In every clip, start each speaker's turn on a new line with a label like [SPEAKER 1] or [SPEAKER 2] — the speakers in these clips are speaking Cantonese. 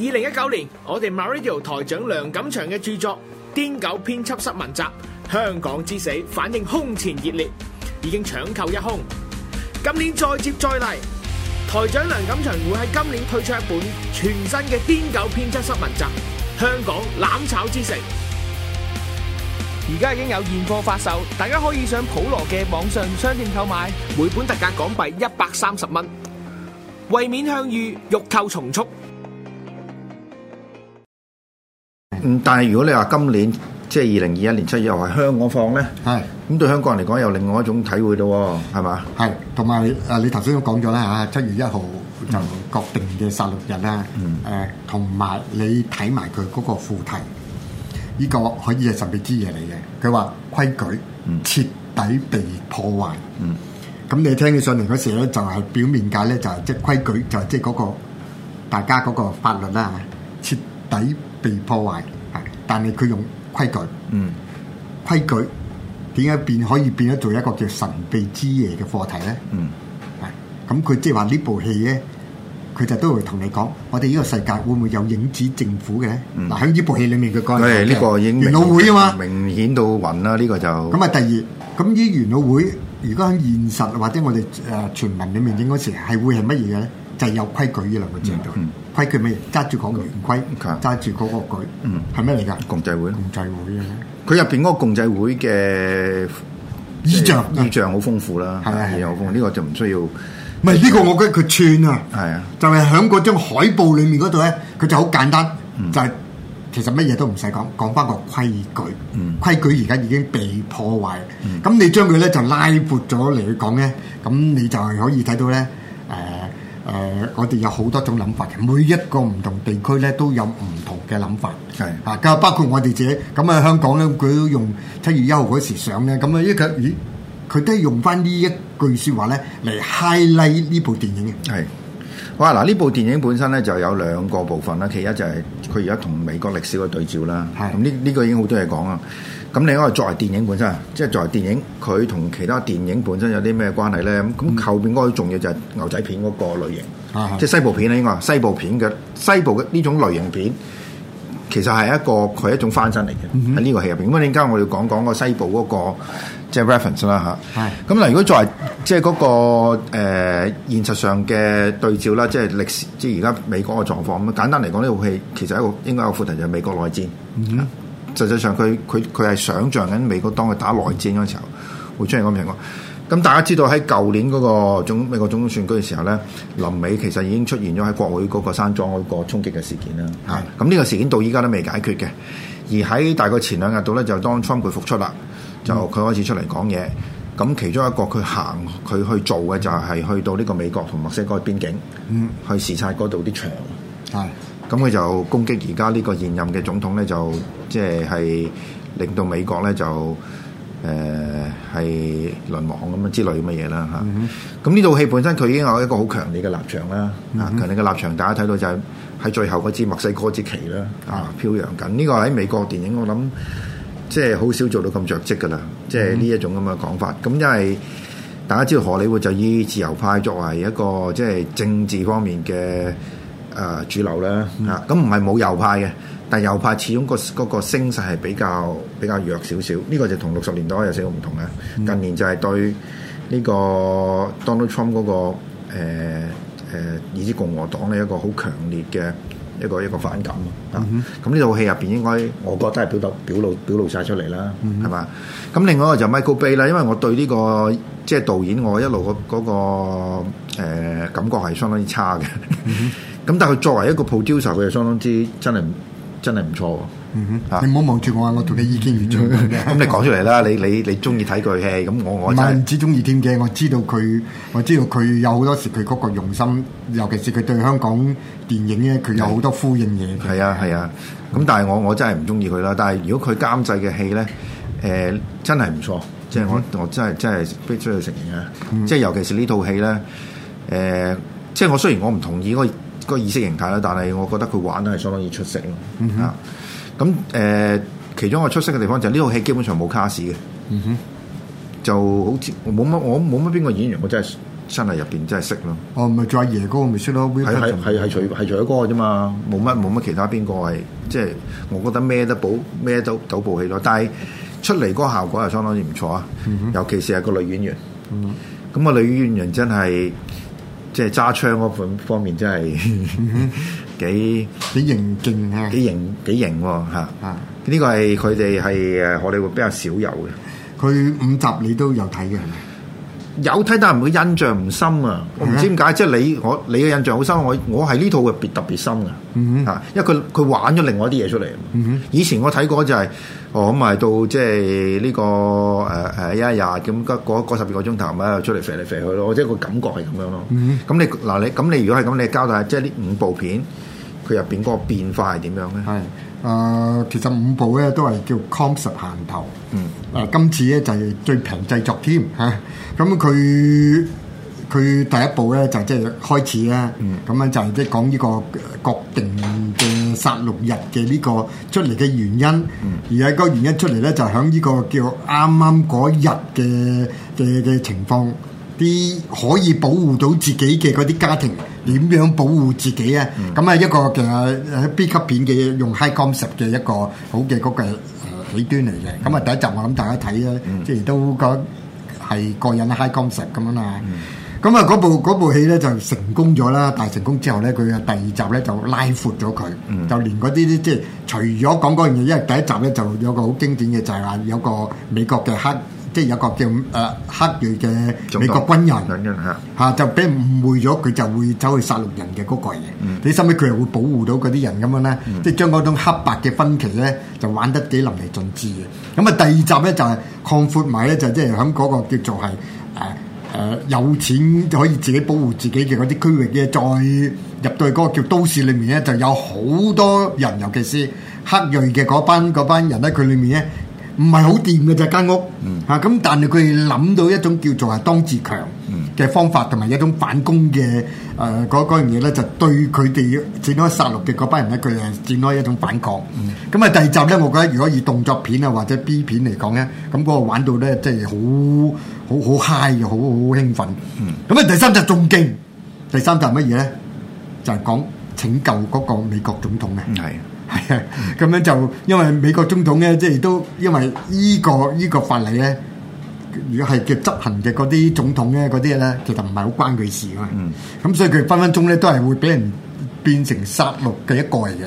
[SPEAKER 1] 2019年我哋 MyRadio 台長梁錦祥嘅著作《癲狗編輯室文集》香港之死反應空前熱烈，已經搶購一空。今年再接再厲，台長梁錦祥會喺今年推出一本全新嘅《癲狗編輯室文集》香港攬炒之城。而家已經有現貨發售，大家可以上普羅嘅網上商店購買，每本特價港幣一百三十蚊。為免向隅，欲購從速。嗯，但係如果你話今年即係二零二一年七月又係香港放咧，係咁是對香港人嚟講又另外一種體會咯、哦，係嘛？係，
[SPEAKER 2] 同埋誒你頭先都講咗啦嚇，七月一號就國定嘅殺戮日啦，誒同埋你睇埋佢嗰個副題，依、這個可以係特別之嘢嚟嘅。佢話規矩徹底被破壞，咁、嗯嗯、你聽起上嚟嗰時咧就係、是、表面解咧就係即係規矩就係即係嗰個大家嗰個法律啦，係嘛？徹底。被破壞，係，但係佢用規矩，嗯，規矩點解變可以變咗做一個叫神秘之夜嘅課題咧？嗯，咁佢即係話呢部戲咧，佢就都會同你講，我哋呢個世界會唔會有影子政府嘅咧？嗱、嗯，喺呢、啊、部戲裡面佢講，元老會啊嘛，明顯到暈啦，呢個就咁啊。第、嗯、二，咁呢元老會，如果喺現實或者我哋誒傳聞裡面影嗰時，係會係乜嘢嘅咧？就係有規矩呢兩個字度。規矩咪揸住講原規，揸住嗰個舉，係咩嚟噶？共濟會，共濟會佢入
[SPEAKER 1] 邊嗰個共濟會嘅意象，意象好豐富啦，係啊，係啊，好豐富。呢個
[SPEAKER 2] 就唔需要。唔係呢個，我覺得佢串啊。係啊，就係響嗰張海報裏面嗰度咧，佢就好簡單，就係其實乜嘢都唔使講，講翻個規矩。規矩而家已經被破壞，咁你將佢咧就拉闊咗嚟去講咧，咁你就係可以睇到咧，誒。誒、呃，我哋有好多種諗法嘅，每一個唔同地區咧都有唔同嘅諗法，係啊的，包括我哋自己，咁啊香港咧，佢都用七月一號嗰時上咧，咁啊一級咦，佢都係用翻呢一句説話咧嚟 highlight 呢部電影嘅，係。
[SPEAKER 1] 哇！嗱，呢部電影本身咧就有兩個部分啦，其一就係佢而家同美國歷史嘅對照啦。咁呢呢個已經好多嘢講啦。咁另外作為電影本身，即作為電影佢同其他電影本身有啲咩關係咧？咁後邊應該重要就係牛仔片嗰個類型，
[SPEAKER 2] 的即係西部
[SPEAKER 1] 片咧，應該啊，西部片嘅西部嘅呢種類型片。其實係一個佢一種翻身嚟嘅喺呢個戲入邊。唔好理點解，我要講講個西部嗰、那個即係 reference 啦嚇。咁、就、嗱、是，mm hmm. 如果作為即係嗰個誒、呃、現實上嘅對照啦、就是，即係歷史即係而家美國嘅狀況咁。簡單嚟講，呢、這、部、個、戲其實一個應該有副題就係美國內戰。Mm hmm. 實際上佢佢佢係想像緊美國當佢打內戰嗰時候會出現咁嘅情況。咁大家知道喺舊年嗰個美國總統選舉嘅時候咧，臨尾其實已經出現咗喺國會嗰個山莊嗰個衝擊嘅事件啦。嚇的，咁呢、嗯、個事件到依家都未解決嘅。而喺大概前兩日度咧，就當川普復出啦，就佢開始出嚟講嘢。咁、嗯嗯嗯、其中一個佢行佢去做嘅就係去到呢個美國同墨西哥邊境，嗯、去視察嗰度啲牆。係的，咁佢、嗯嗯、就攻擊而家呢個現任嘅總統咧，就即係係令到美國咧就。誒係淪亡咁樣之類嘅嘢啦嚇，咁呢套戲本身佢已經有一個好強烈嘅立場啦、嗯哼啊，強烈嘅立場大家睇到就係喺最後嗰支墨西哥之旗啦、嗯、哼啊飄揚緊，呢、這個喺美國電影我諗即係好少做到咁着跡噶啦，即係呢一種咁嘅講法。咁因為大家知道荷里活就以自由派作為一個即係、就是、政治方面嘅誒、啊、主流啦，啊咁唔係冇右派嘅。啊啊啊但係右派始終個嗰個聲勢係比較比較弱少少，呢、這個就同六十年代有少少唔同啦。近年就係對呢個 Donald Trump 嗰、那個誒、呃呃、以至共和黨呢一個好強烈嘅一個一個反感、嗯、啊！咁呢套戲入邊應該，我覺得係表達表露表露曬出嚟啦，係嘛、嗯？咁另外一個就 Michael Bay 啦，因為我對呢、這個即係、就是、導演，我一路嗰嗰、那個、呃、感覺係相當之差嘅。咁、嗯嗯、但係佢作為一個 producer，佢就相當之真係。真真係唔錯
[SPEAKER 2] 喎！嚇、mm hmm. 啊、你唔好望住我，我同你意見完全唔同嘅。咁 你講出嚟
[SPEAKER 1] 啦，你你你中意睇佢戲咁我我唔
[SPEAKER 2] 係中意添嘅，我知道佢我知道佢有好多時佢嗰個用心，尤其是佢對香港電影咧，佢有好
[SPEAKER 1] 多呼應嘢。係啊係啊，咁、嗯嗯、但係我我真係唔中意佢啦。但係如果佢監製嘅戲咧，誒、呃、真係唔錯，即係、嗯、哼我我真係真係必須要承認啊。即係、嗯、尤其是呢套戲咧，誒、呃、即係我雖然我唔同意我。個意識形態啦，但係我覺得佢玩得係相當之出色咯。嗯、哼啊，咁誒、呃，其中一個出色嘅地方就係呢套戲基本上冇卡士嘅。嗯、
[SPEAKER 2] 哼，
[SPEAKER 1] 就好似冇乜，我冇乜邊個演員，我真係真係入邊真係識咯。
[SPEAKER 2] 哦，唔係就係耶哥咪識咯，係係
[SPEAKER 1] 除係除咗哥啫嘛，冇乜冇乜其他邊個係即係我覺得咩都保咩都賭部戲咯。但係出嚟嗰個效果係相當之唔錯啊。嗯、哼尤其是係個女演員，咁、嗯、哼個女演員真係。即係揸槍嗰方面真，真 係幾 幾，幾型勁啊！ 幾型幾型喎嚇！呢、啊啊、個係佢哋係誒我哋會比較少有嘅。佢五集你都有睇嘅係咪？有睇但係唔會印象唔深啊！我唔知點解，mm hmm. 即係你我你嘅印象好深，我我係呢套嘅別特別深啊。嚇、mm，hmm. 因為佢佢玩咗另外一啲嘢出嚟。Mm hmm. 以前我睇過就係我咪到即係呢個誒誒一日咁嗰十二個鐘頭啊，出嚟肥嚟肥去咯，即係個感覺係咁樣咯。咁、mm hmm. 你嗱你咁你如果係咁，你交代下，即係呢五部片佢入
[SPEAKER 2] 邊嗰個變化係點樣咧？Mm hmm. 誒、呃、其實五部咧都係叫 concept 行頭、嗯呃，今次咧就係最平製作添嚇，咁佢佢第一部咧就即係開始啦，咁樣、嗯、就即係講呢個國定嘅殺戮日嘅呢個出嚟嘅原因，嗯、而係個原因出嚟咧就喺呢個叫啱啱嗰日嘅嘅嘅情況。啲可以保護到自己嘅嗰啲家庭點樣保護自己啊？咁啊、嗯、一個其實 B 級片嘅用 high concept 嘅一個好嘅嗰個誒起端嚟嘅。咁啊、嗯、第一集我諗大家睇啊，嗯、即係都覺得係個人 high concept 咁啊嘛。咁啊嗰部部戲咧就成功咗啦。但係成功之後咧，佢嘅第二集咧就拉闊咗佢，嗯、就連嗰啲啲即係除咗講嗰樣嘢，因為第一集咧就有個好經典嘅就係、話、有個美國嘅黑。即係有個叫誒、呃、黑裔嘅美國軍人，嚇讀、啊、就俾誤會咗，佢就會走去殺戮人嘅嗰個嘢。嗯、你心諗佢又會保護到嗰啲人咁樣咧，嗯、即係將嗰種黑白嘅分歧咧，就玩得幾淋漓盡致嘅。咁啊，第二集咧就係、擴闊埋咧，就即係喺嗰個叫做係誒誒有錢就可以自己保護自己嘅嗰啲區域嘅，再入到去嗰個叫都市裏面咧，就有好多人，尤其是黑裔嘅嗰班嗰班人咧，佢裏面咧。唔係好掂嘅啫，間屋嚇咁，嗯、但係佢諗到一種叫做係當自強嘅方法，同埋、嗯、一種反攻嘅誒嗰樣嘢咧，就對佢哋展開殺戮嘅嗰班人佢係誒，展開一種反抗。咁啊、嗯，第二集咧，我覺得如果以動作片啊或者 B 片嚟講咧，咁、那、嗰個玩到咧，即係好好好 high 嘅，好好興奮。咁啊、嗯，第三集仲勁，第三集係乜嘢咧？就係、是、講拯救嗰個美國總統嘅。係、嗯。係啊，咁樣 就因為美國總統咧，即係都因為依、依個依、依個法例咧，如果係叫執行嘅嗰啲總統咧，嗰啲咧其實唔係好關佢事㗎嘛。咁、嗯嗯、所以佢分分鐘咧都係會俾人變成殺戮嘅一個嚟嘅。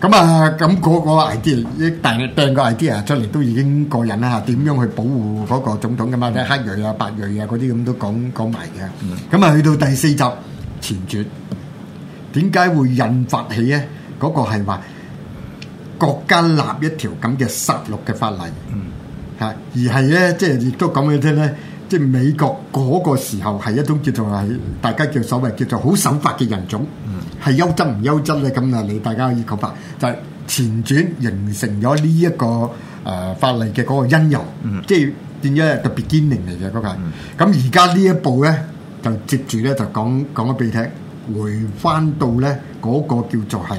[SPEAKER 2] 咁啊、嗯嗯，咁、嗯、嗰、嗯嗰個 idea，但係掟個 idea 出嚟都已經過癮啦嚇。點樣去保護嗰個總統㗎嘛？睇黑裔啊、白裔啊嗰啲咁都講講埋嘅。咁啊，去、嗯嗯嗯嗯嗯嗯嗯嗯、到第四集前傳，點解會引發起咧？嗰、嗰個係話。國家立一條咁嘅殺戮嘅法例，嚇，而係咧，即係亦都咁樣聽咧，即係美國嗰個時候係一種叫做係大家叫所謂叫做好守法嘅人種，係優質唔優質咧？咁啊，你大家可以講法就前轉形成咗呢一個誒法例嘅嗰個因由，即係點解特別堅定嚟嘅嗰個。咁而家呢一步咧，就接住咧就講講俾你聽，回翻到咧嗰個叫做係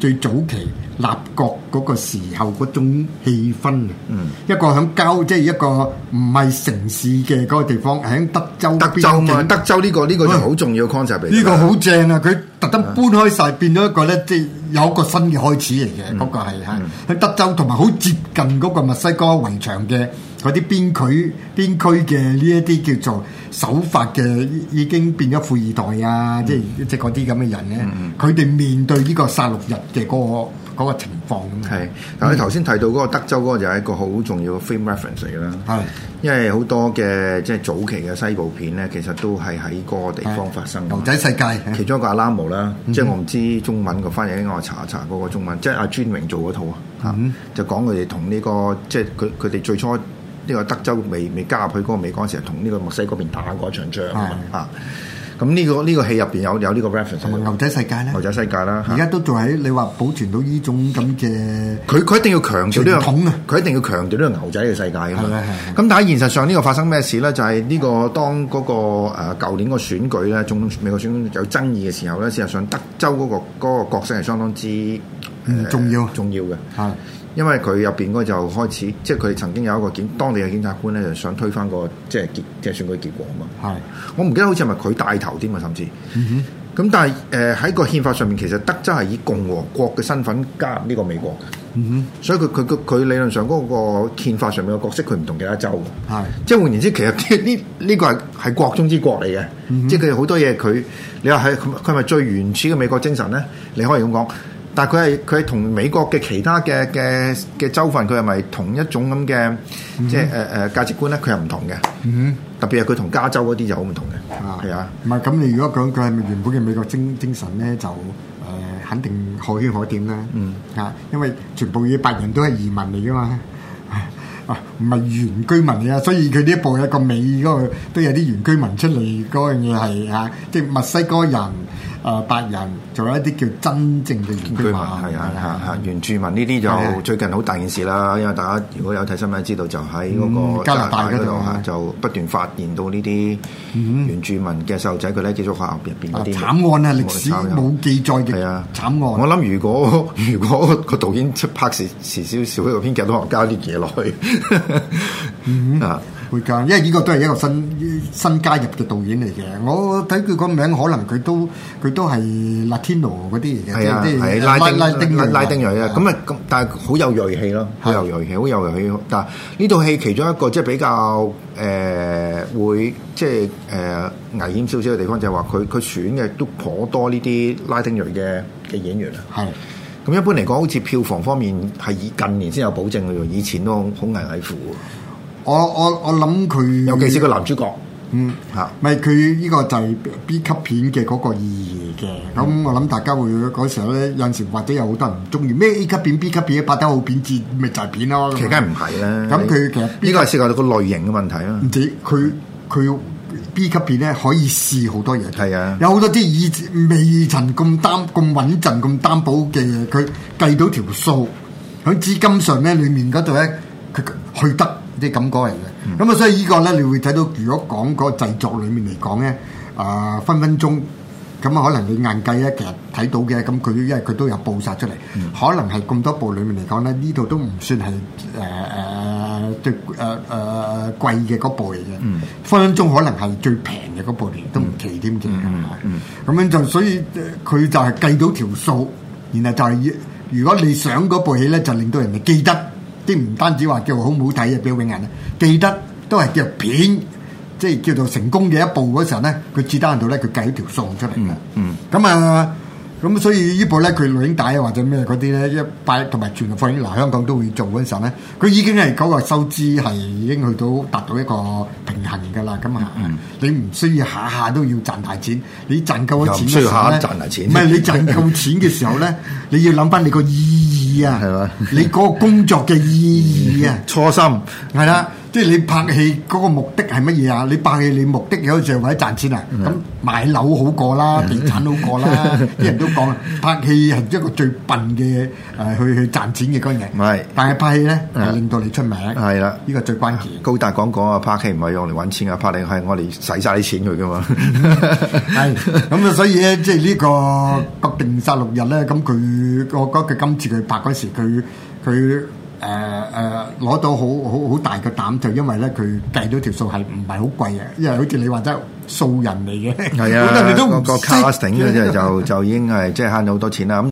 [SPEAKER 2] 最早期。立國嗰個時候嗰種氣氛啊，嗯、一個喺郊，即、就、係、是、一個唔係城市嘅嗰個地方，喺德州。德州、啊、德
[SPEAKER 1] 州呢、這個呢、這個就好重要 concept 呢、哎這個好
[SPEAKER 2] 正啊！佢特登搬開晒變咗一個咧，即、就、係、是、有一個新嘅開始嚟嘅。不過係喺德州同埋好接近嗰個墨西哥圍牆嘅嗰啲邊佢邊區邊區邊區嘅呢一啲叫做守法嘅，已經變咗富二代啊！即係即係嗰啲咁嘅人咧，佢哋、嗯、面對呢個殺戮日嘅嗰、那個。嗰個情況咁，係。但係你頭先
[SPEAKER 1] 提到嗰個德州嗰個就係一個好重要嘅 film reference 嚟啦。係的，因為好多嘅即係早期嘅西部片咧，其實都係喺嗰個地方發生嘅。牛仔世界，其中一個阿拉姆啦，的即係我唔知中文個翻譯，的我查一查嗰個中文。即係阿尊榮做嗰套啊，的就講佢哋同呢個即係佢佢哋最初呢個德州未未加入去嗰個美國時，同呢個墨西哥邊打過一場仗啊。的的咁呢、這個呢、這個戲入邊有有呢個 reference，同埋牛仔世界咧。牛仔世界啦，而家都仲喺你話保存到呢種咁嘅。佢佢一定要強調呢個統啊！佢一定要強調呢個牛仔嘅世界啊嘛。咁但係現實上呢、這個發生咩事咧？就係、是、呢、這個當嗰、那個誒舊、呃、年個選舉咧，中美國選舉有爭議嘅時候咧，事實上德州嗰、那個那個角色係相當之嗯、呃、重要重要嘅嚇。因為佢入邊嗰就開始，即係佢曾經有一個檢當地嘅檢察官咧，就想推翻個即係結即係選舉結果啊嘛。係。我唔記得好似係咪佢帶頭添啊，甚至。嗯
[SPEAKER 2] 哼。
[SPEAKER 1] 咁但係誒喺個憲法上面，其實德州係以共和國嘅身份加入呢個美國嘅。
[SPEAKER 2] 嗯
[SPEAKER 1] 哼。所以佢佢佢理論上嗰個憲法上面嘅角色，佢唔同其他州。係。即係換言之，其實呢呢個係係國中之國嚟嘅。嗯哼。即係佢好多嘢，佢你話係佢係咪最原始嘅美國精神咧？你可以咁講。但係佢係佢係同美國嘅其他嘅嘅嘅州份，佢係咪同一種咁嘅、mm hmm. 即係誒誒價值觀咧？佢又唔同嘅，mm hmm. 特別係佢同加州嗰啲就好唔同嘅。
[SPEAKER 2] 係啊，唔係咁你如果講佢係咪原本嘅美國精精神咧，就誒、呃、肯定可圈可點啦。嗯、mm，嚇、hmm. 啊，因為全部嘅白人都係移民嚟噶嘛，啊唔係、啊、原居民嚟啊，所以佢呢一部一個美嗰、那個、都有啲原居民出嚟，嗰樣嘢係嚇，即係墨西哥人。啊！白人仲有一啲叫真正嘅原
[SPEAKER 1] 居民，係啊，啊，啊，原住民呢啲就最近好大件事啦。因為大家如果有睇新聞知道，就喺、是、嗰個、嗯、加拿大嗰度就不斷發現到呢啲原住民嘅細路仔，佢咧寄宿學校入邊嗰啲慘案咧，歷史冇記載嘅，係啊，慘案、啊、案。啊、我諗如果如果個導演出拍時，遲少少喺度編劇都可能加啲嘢落去
[SPEAKER 2] 啊。 嗯因為呢個都係一個新新加入嘅導演嚟嘅。我睇佢個名，可能佢都佢都係 Latino 嗰啲嚟嘅，啲啲拉丁拉丁拉丁裔啊。
[SPEAKER 1] 咁啊咁，但係好有鋭氣咯，好有鋭氣，好有鋭氣。但係呢套戲其中一個即係比較誒、呃、會即係誒危險少少嘅地方就，就係話佢佢選嘅都頗多呢啲拉丁裔嘅嘅演員啊。係。咁一般嚟講，好似票房方面係以近年先有保證嘅，以前都好危危乎。
[SPEAKER 2] 我我我諗佢尤其是個男主角，嗯吓，咪佢呢個就係 B 級片嘅嗰個意義嘅。咁我諗大家會嗰時候咧，有陣時或者有好多人唔中意咩 A 級片、B 級片拍得好片賤，咪就係片咯。其實唔係啦，咁佢其實呢個係涉及到個類型嘅問題咯。唔知佢佢 B 級片咧，可以試好多嘢。係啊，有好多啲以未曾咁擔咁穩陣咁擔保嘅嘢，佢計到條數喺資金上咧，裏面嗰度咧，佢去得。啲感覺嚟嘅，咁啊、嗯，所以呢個咧，你會睇到，如果講嗰個製作裡面嚟講咧，啊、呃，分分鐘咁啊，可能你硬計咧，其實睇到嘅，咁佢因為佢都有暴殺出嚟，嗯、可能係咁多部裡面嚟講咧，呢度都唔算係誒誒最誒誒、呃呃、貴嘅嗰部嚟嘅，嗯、分分鐘可能係最平嘅嗰部嚟，嗯、都唔奇添嘅，咁樣、嗯嗯嗯嗯、就所以佢就係計到條數，然後就係、是、如果你想嗰部戲咧，就令到人哋記得。啲唔單止話叫好唔好睇啊，比如永仁咧，記得都係叫片，即係叫做成功嘅一步嗰時候咧，佢字單度咧佢計條數出嚟嘅、嗯。嗯，咁啊、嗯，咁所以部呢部咧佢錄影帶或者咩嗰啲咧一擺同埋全部放映，嗱香港都會做嗰時候咧，佢已經係嗰個收支，係已經去到達到一個平衡㗎啦。咁、嗯、啊、嗯嗯，你唔需要下下都要賺大錢，你賺夠咗錢嘅時候咧，賺大錢。唔係你賺夠錢嘅時候咧， 你要諗翻你個意義。意啊，係嘛？你個工作嘅意義啊， 初心係啦。即係你拍戲嗰個目的係乜嘢啊？你拍戲你的目的有時為咗賺錢啊？咁買樓好過啦，地 產好過啦，啲 人都講拍戲係一個最笨嘅誒、呃，去去賺錢嘅嗰人。係， 但係拍戲咧係 令到你出名。係啦，
[SPEAKER 1] 呢個最關鍵。高達講講啊，拍戲唔係用嚟揾錢啊，拍嚟係我哋使晒啲錢佢噶嘛。
[SPEAKER 2] 係， 咁啊，所以咧，即係、這、呢個國定殺戮日咧，咁佢我覺得佢今次佢拍嗰時佢佢。誒誒，攞、呃、到好好好大嘅膽，就因為咧佢計到條數係唔係好貴啊，因為好似你話齋素人嚟
[SPEAKER 1] 嘅，好多、啊、 你都唔覺得 casting 咧都就就已經係即係慳咗好多錢啦。